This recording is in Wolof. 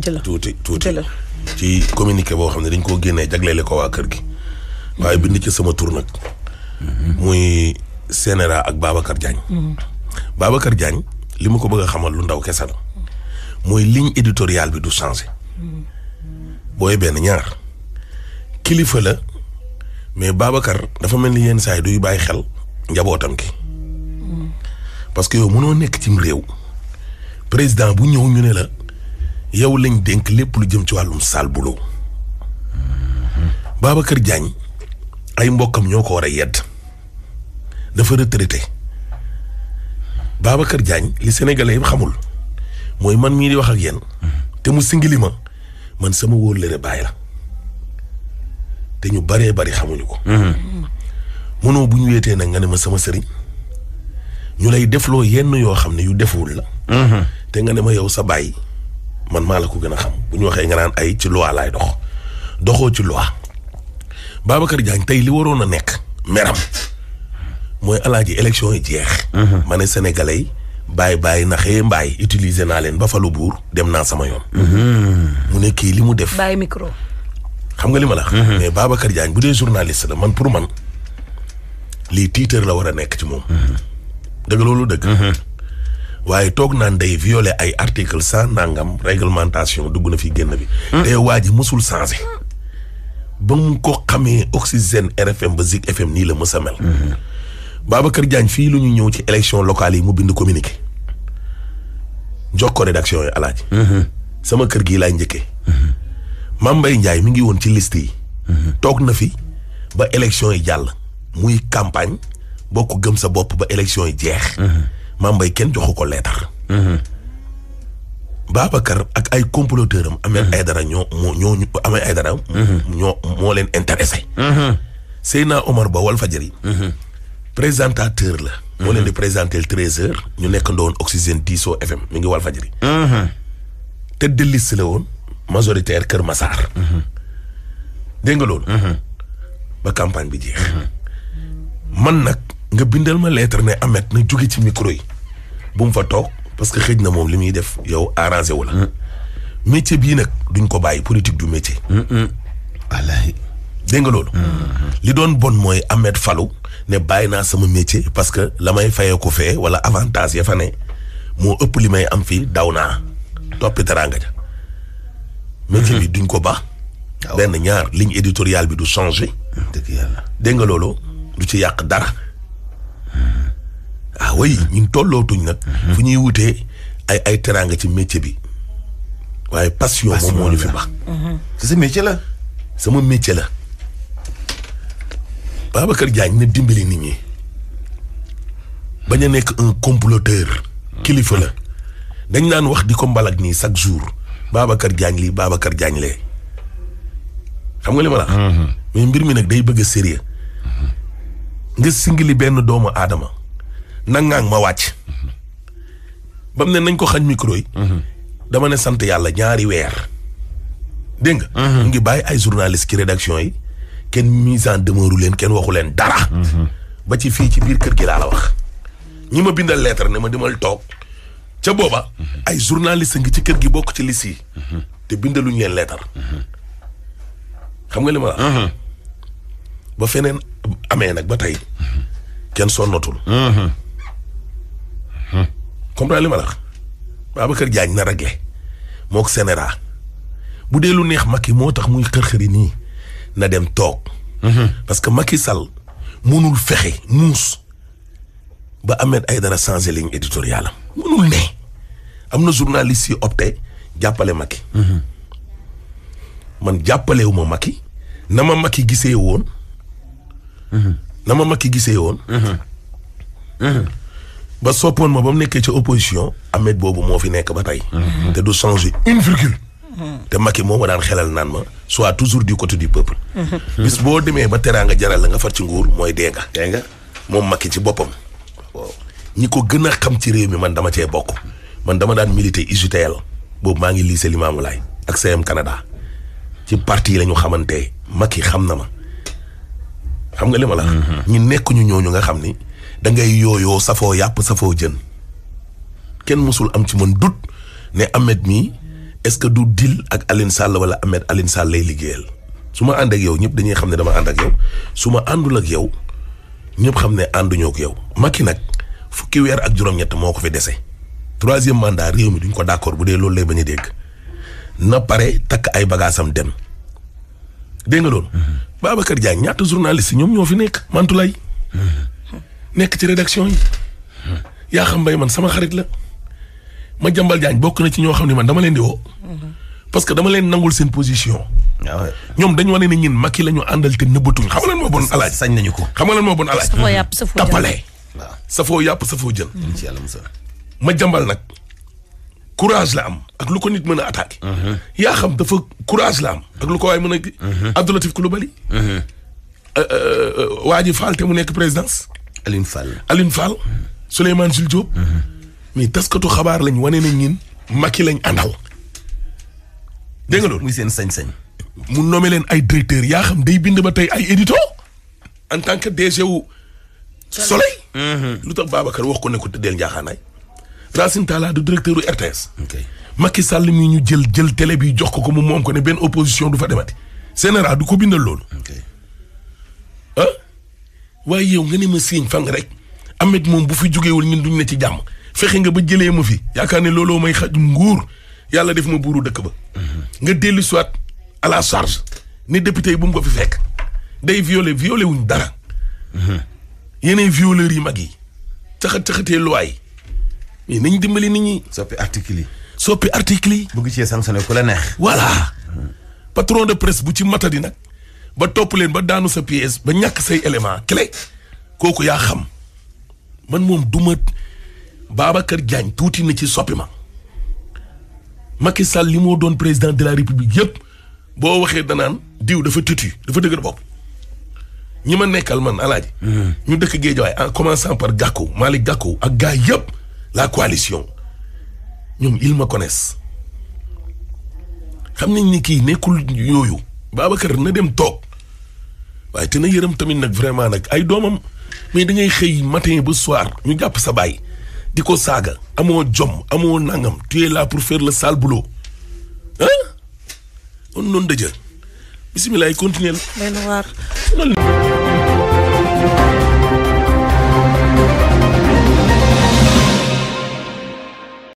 tuuti tuuti ci communiqué boo xam ne dañ koo génnee jagleele ko waa kër gi waaye bind ci sama tur nag mhm. muy CNRA ak Babacar Diagne mhm. Babacar Diagne li ma a xamal lu ndaw ke la mhm. mooy ligne éditoriale bi du changé booy benn ñaar kilifa la mais Babacar dafa mel ni yenn saa yi duy bàyyi xel njabootam ki parce que yow mënoo nekk cim réew président bu ñëw ñu la yow lañ dénk lépp lu jëm ci wàllum sale boulot kër jaañ ay mbokkam ñoo ko war a yedd dafa baaba kër jaañ li sénégalais yi xamul mooy man mii di wax ak yéen te mu singili ma man sama wóllëre baay la te ñu baree bari xamuñu ko mënoo bu ñu weetee nag nga ne ma sama sëriñ ñu lay defloo yenn yoo xam ne yu defuwul la mhm. te nga ne ma yow sa bàyyi man maa la ko gën a xam bu ñu waxee nga naan ay ci loi laay dox doxoo ci loi Babacar Diagne tey li waroon a nekk meram mooy alaaji élection yi jeex. Mhm. ma ne sénégalais yi bàyyi bàyyi naxee mbaay utiliser naa leen ba falu buur dem naa sama yoon. Mhm. mu ne kii li mu def. bàyyi micro. xam nga li ma la. Mhm. mais Babacar Diagne bu dee journaliste la man pour man lii tiitër la war a nekk ci moom. dëgg loolu dëgg. waaye toog naa day viole ay article cent nangam réglementation dugg na fi génn bi. Hmm. te waa ji mosul changé. Hmm. ba mu ko xamee Oxygène RFM ba Zik FM nii la mës a mel. kër hmm. Diagne fii lu ñu ñëw ci élection locale yi mu bind communiqué. jox ko rédaction yi alaaji sama kër gii laay njëkkee. Mame Mbaye Ndiaye mi ngi woon ci liste yi. toog na fi ba élection yi jàll. muy campagne bokk gëm sa bopp ba élection yi jeex. Mame Mbaye kenn jox ko leetar. Mhm. Babacar ak ay comploteur am. ay mhm. dara ñoo moo ñoo ay dara mhm. ñoo moo leen intéressé. Seyna Omar Ba Walfadjri. présentateur la. moo leen di présenté le treize heures. ñu nekk ndoon Oxygène Diso FM mi ngi Walfadjri. te dellis la woon majoritaire Kër Massar. dégg nga loolu. ba campagne bi jeex. man nag. nga bindal ma lettre ne Ameth na jóge ci micro yi bu mu fa toog parce que xëj na moom li muy def yow arrangé wu la. Mm. métier bii nag duñ ko bàyyi politique du métier. Mm, mm. wallaahi. dégg nga loolu. Mm-hmm. li doon bon mooy Ameth Fallou ne bàyyi naa sama métier parce que la may fayee ko fee wala avantage ya fa ne moo ëpp li may am fii daw naa toppi teraanga ja. Mm-hmm. métier bi duñ ko baax. benn ñaar ligne éditoriale bi du changé. dëgg dégg nga loolu du ci yàq dara. ah way ñun tollootuñ nag. Mhm. fu ñuy wutee ay ay teraanga ci métier bi waaye passion. moo ñu fi baax. Mhm. c'est sa métier la. sama métier la. Babacar Diagne na dimbali nit ñi bañ a nekk un comploteur. Mhm. kilifa la dañ naan wax di ko mbalak nii chaque jour Babacar Diagne lii Babacar Diagne lee xam nga li ma la. mais mbir mi nag day bëgg a sérieux nga singili benn doomu aadama. na ngaang ma wàcc. ba mu ne nañ ko xañ micro yi. Mhm. dama ne sant yàlla ñaari weer. dégg nga. Mhm. mu ngi bàyyi ay journaliste ci rédaction yi kenn mise en demeure leen kenn waxu leen dara. Mhm. ba ci fii ci biir kër gi laa la wax. ñi ma bindal lettre ne ma demal toog ca booba. ay journaliste ngi ci kër gi bokk ci liste te bindaluñ leen lettre. xam nga li ma la. ba feneen amee nag ba tey kenn sonnatul. comprendre li ma la wax Babacar Diagne na réglé moo ko sénéra bu dee lu neex Macky moo tax muy xër-xëri nii na dem toog mhm. parce que Macky Sall mënul fexe muus ba ay Aïdara changé ligne éditoriale am mënul ne am na journaliste si opté jàppale Macky mhm. man jàppalewu ma Macky na ma Macky gisee woon mhm. na ma Macky gisee woon ba soppoon ma ba mu nekkee ci opposition Ahmed boobu moo fi nekk ba tey. Mhm. te du changer une virgule. Mhm. te Macky moo ma daan xelal naan ma soit toujours di côté di peuple. Mhm. bis boo demee ba teraanga jaral la nga far ci nguur mooy dee nga. dee nga moom Macky ci boppam. ñi ko gën a xam ci réew mi man dama cee bokk man dama daan militer UJTL boobu maa ngi lycée Limamoulaye ak CM Canada ci parti yi la ñu xamante Macky xam na ma xam nga li ma la. ñu nekk ñu ñooñu nga xam ni. da ngay yooyoo safoo yàpp safoo jën kenn mësul am ci mën dut ne Ahmed mii est-ce que du dil ak Alioune Sall wala Ahmed Sall lay liggéeyal su ma ànd yow ñëpp dañuy xam ne dama ànd ak yow su ma àndul ak yow ñëpp xam ne ànduñoo ak yow Macky nag fukki weer ak juróom-ñett moo ko fi dese troisième mandat réew mi duñ ko d'accord bu dee loolu lay bañ dégg na pare takk ay bagaasam dem dégg nga loolu. Mm-hmm. Babacar Diagne ñaata journaliste ñoom ñoo fi nekk lay nekk ci rédaction yi. yaa xam mbay man sama xarit la ma jàmbal jaañ bokk na ci ñoo xam ne man dama leen di woo. parce que dama leen nangul seen position. Ah ñoom dañu wane ne ñun Macky la ñu àndal te nëbbatuñ xam nga lan moo bon alaaj sañ nañu ko xam nga lan moo bon alaaj tappale safoo yàpp safoo jën mm-hmm. ma jàmbal nag courage la am ak lu ko nit mën a attaqué mm-hmm. yaa xam dafa courage la am ak lu ko waay mën a mm-hmm. Abdou Latif Coulibaly waa ji faal te mu nekk présidence Alioune Fall. Alioune Fall Souleymane Jules Diop. Mhm. mais taskatu xabaar lañ wane nañ ñin Macky lañ àndal. dégg muy seen sañ-sañ. mu nommé leen ay directeur yaa xam day bind ba tey ay édito en tant que DG wu. Soleil. Mhm. lu tax Babacar wax ko ne ko tëddeel njaaxaanaay. Racine Talla du directeur u RTS. ok Macky Sall ñu jël jël tele bi jox ko ko mu moom ko ne benn opposition du fa demati. Sénéral du ko bindal loolu. waaye yow nga ne ma siiñ fang rek Ameth moom bu fi jógeewul ñun duñ ne ci jàmm fexe nga ba jëlee ma fi yaakaar ne looloo may xaj nguur yàlla def ma buuru dëkk ba. nga dellu soit à la charge ni député yi bu mu ko fi fekk day violé violé wuñ dara. yeneen violeurs yi mag yi caxat caxatee loi yi mais nañ dimbali nit ñi. soppi article yi. soppi article yi. bëgg cee sanctionné ku la neex. voilà patron de presse bu ci matadi nag. ba topp leen ba daanu sa pièce ba ñàkk say élément clé kooku yaa xam man moom du ma Babacar Diagne tuuti na ci soppi ma Macky Sall li moo doon président de la république yëpp boo waxee danaan diw dafa tuuti dafa dëgër bopp ñi ma nekkal man alaaji hmm. ñu dëkk Guédiawaye en commençant par Gakou Malick Gakou ak gars yëpp la coalition ñoom ils me xam nañ ni kii nekkul yooyu Babacar na dem toog waaye te na yërëm tamit nag vraiment nag ay doomam mais da ngay xëy matin ba soir ñu jàpp sa baay di ko saaga amoo jom amoo nangam tu es là pour faire le sale boulot ah on noonu dëjër bisimilah continuer la